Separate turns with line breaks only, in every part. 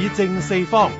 以正四方議政四方。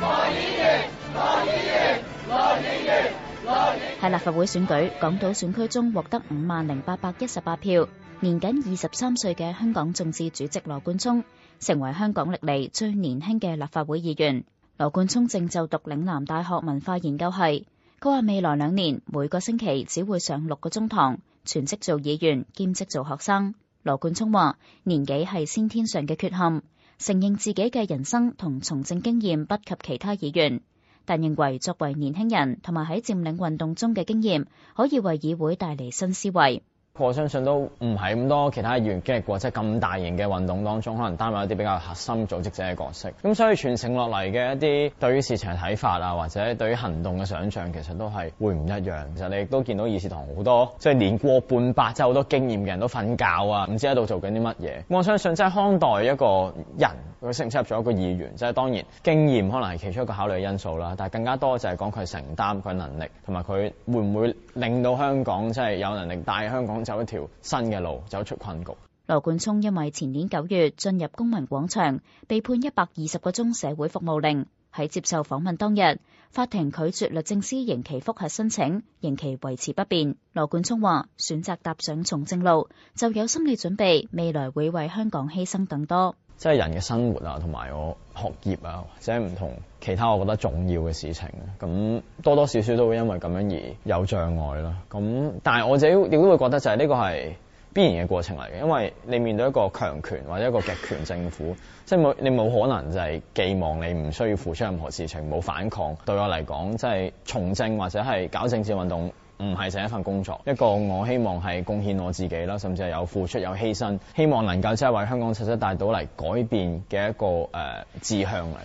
羅議員！羅議員！羅議員！羅議員！
喺立法會選舉港島選區中獲得五萬零八百一十八票。年僅二十三歲嘅香港眾志主席羅冠聰，成為香港歷嚟最年輕嘅立法會議員。羅冠聰正就讀嶺南大學文化研究系。佢話未來兩年每個星期只會上六個鐘堂，全職做議員兼職做學生。羅冠聰話年紀係先天上嘅缺陷，承認自己嘅人生同從政經驗不及其他議員，但認為作為年輕人同埋喺佔領運動中嘅經驗，可以為議會帶嚟新思維。
我相信都唔係咁多其他議員經歷過或者咁大型嘅運動當中，可能擔任一啲比較核心組織者嘅角色。咁所以傳承落嚟嘅一啲對於事情嘅睇法啊，或者對於行動嘅想像，其實都係會唔一樣。其實你亦都見到議事堂好多，即係年過半百即係好多經驗嘅人都瞓覺啊，唔知喺度做緊啲乜嘢。我相信即係康代一個人。佢適唔適合做一個議員，即係當然經驗可能係其中一個考慮因素啦。但係更加多就係講佢承擔佢能力，同埋佢會唔會令到香
港即係、就是、有能力帶香港走一條新嘅路，走出困局。羅冠聰因為前年九月進入公民廣場，被判一百二十個鐘社會服務令。喺接受訪問當日，法庭拒絕律政司刑期覆核申請，刑期維持不變。羅冠聰話：選擇踏上從政路，就有心理準備，未來會為香港犧牲更多。
即係人嘅生活啊，同埋我學業啊，或者唔同其他我覺得重要嘅事情，咁多多少少都會因為咁樣而有障礙啦。咁但係我自己亦都會覺得，就係呢個係必然嘅過程嚟嘅，因為你面對一個強權或者一個極權政府，即係冇你冇可能就係寄望你唔需要付出任何事情，冇反抗。對我嚟講，即係從政或者係搞政治運動。唔係就一份工作，一個我希望係貢獻我自己啦，甚至係有付出有犧牲，希望能夠即係為香港實質帶到嚟改變嘅一個誒、呃、志向嚟。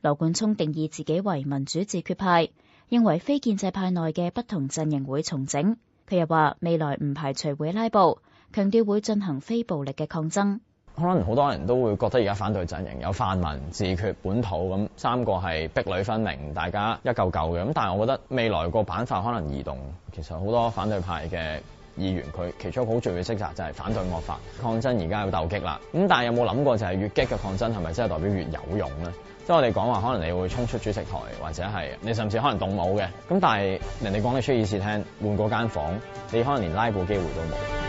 羅冠聰定義自己為民主自決派，認為非建制派內嘅不同陣營會重整。佢又話未來唔排除會拉布，強調會進行非暴力嘅抗爭。可
能好多人都會覺得而家反對陣營有泛民、自決、本土咁三個係壁壘分明，大家一嚿嚿嘅。咁但係我覺得未來個板塊可能移動，其實好多反對派嘅議員佢其中一個好重要嘅職責就係反對惡法抗爭，而家要鬥擊啦。咁但係有冇諗過就係越激嘅抗爭係咪真係代表越有用咧？即係我哋講話可能你會衝出主席台或者係你甚至可能動武嘅。咁但係人哋講你出議事廳，換個間房，
你可能連拉布機會都冇。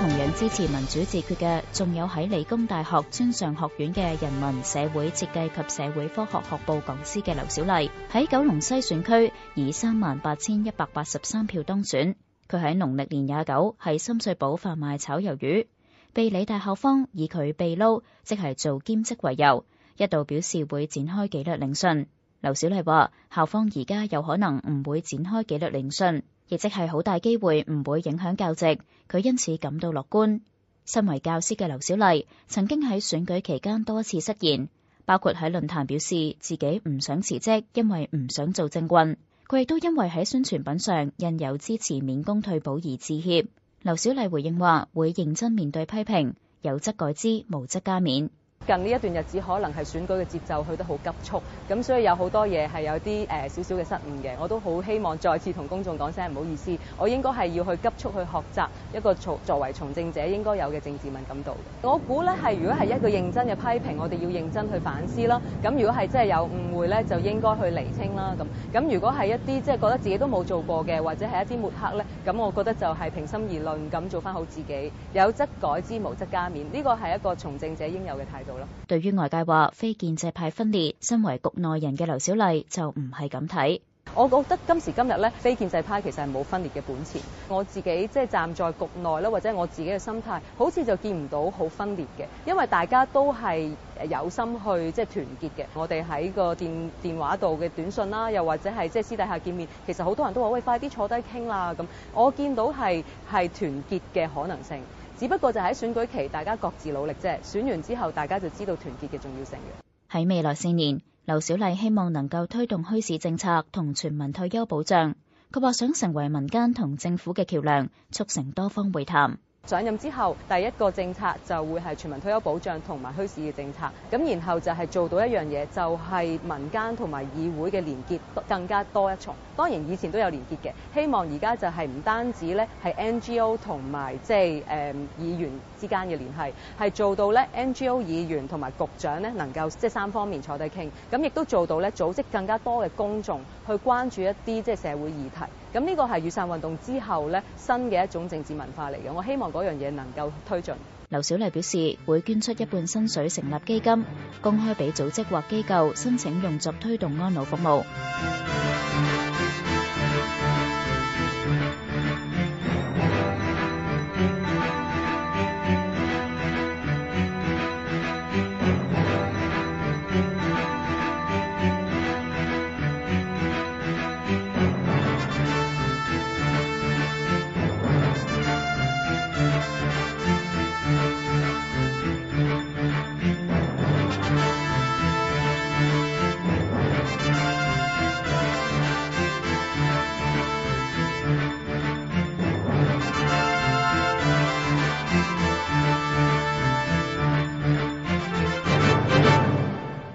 同樣支持民主自決嘅，仲有喺理工大學專上學院嘅人民社會設計及社會科學學部講師嘅劉小麗，喺九龍西選區以三萬八千一百八十三票當選。佢喺農曆年廿九喺深水埗販賣炒魷魚，被理大校方以佢被撈，即係做兼職為由，一度表示會展開紀律聆訊。劉小麗話：校方而家有可能唔會展開紀律聆訊，亦即係好大機會唔會影響教職，佢因此感到樂觀。身為教師嘅劉小麗曾經喺選舉期間多次失言，包括喺論壇表示自己唔想辭職，因為唔想做政棍，佢亦都因為喺宣傳品上印有支持免工退保而致歉。劉小麗回應話：會認真面對批評，有則改之，無則加勉。
近呢一段日子可能係選舉嘅節奏去得好急促，咁所以有好多嘢係有啲誒少少嘅失誤嘅。我都好希望再次同公眾講聲唔好意思，我應該係要去急促去學習一個從作為從政者應該有嘅政治敏感度。我估咧係如果係一個認真嘅批評，我哋要認真去反思啦。咁如果係真係有誤會咧，就應該去厘清啦。咁咁如果係一啲即係覺得自己都冇做過嘅，或者係一啲抹黑咧，咁我覺得就係平心而論咁做翻好自己，有則改之無則加勉。呢個係一個從政者應有嘅態度。
對於外界話非建制派分裂，身為局內人嘅劉小麗就唔係咁睇。
我覺得今時今日咧，非建制派其實係冇分裂嘅本錢。我自己即係、就是、站在局內啦，或者我自己嘅心態，好似就見唔到好分裂嘅，因為大家都係誒有心去即係團結嘅。我哋喺個電電話度嘅短信啦，又或者係即係私底下見面，其實好多人都話喂，快啲坐低傾啦咁。我見到係係團結嘅可能性。只不過就喺選舉期，大家各自努力啫。選完之後，大家就知道團結嘅重要性嘅。
喺未來四年，劉小麗希望能夠推動墟市政策同全民退休保障。佢話想成為民間同政府嘅橋梁，促成多方會談。
上任之後，第一個政策就會係全民退休保障同埋墟市嘅政策，咁然後就係做到一樣嘢，就係、是、民間同埋議會嘅連結更加多一重。當然以前都有連結嘅，希望而家就係唔單止咧，係 NGO 同埋即係誒議員之間嘅聯繫，係做到咧 NGO 議員同埋局長咧能夠即係三方面坐低傾，咁亦都做到咧組織更加多嘅公眾去關注一啲即係社會議題。咁呢個係雨傘運動之後咧新嘅一種政治文化嚟嘅，我希望嗰樣嘢能夠推進。
劉小麗表示，會捐出一半薪水成立基金，公開俾組織或機構申請用作推動安老服務。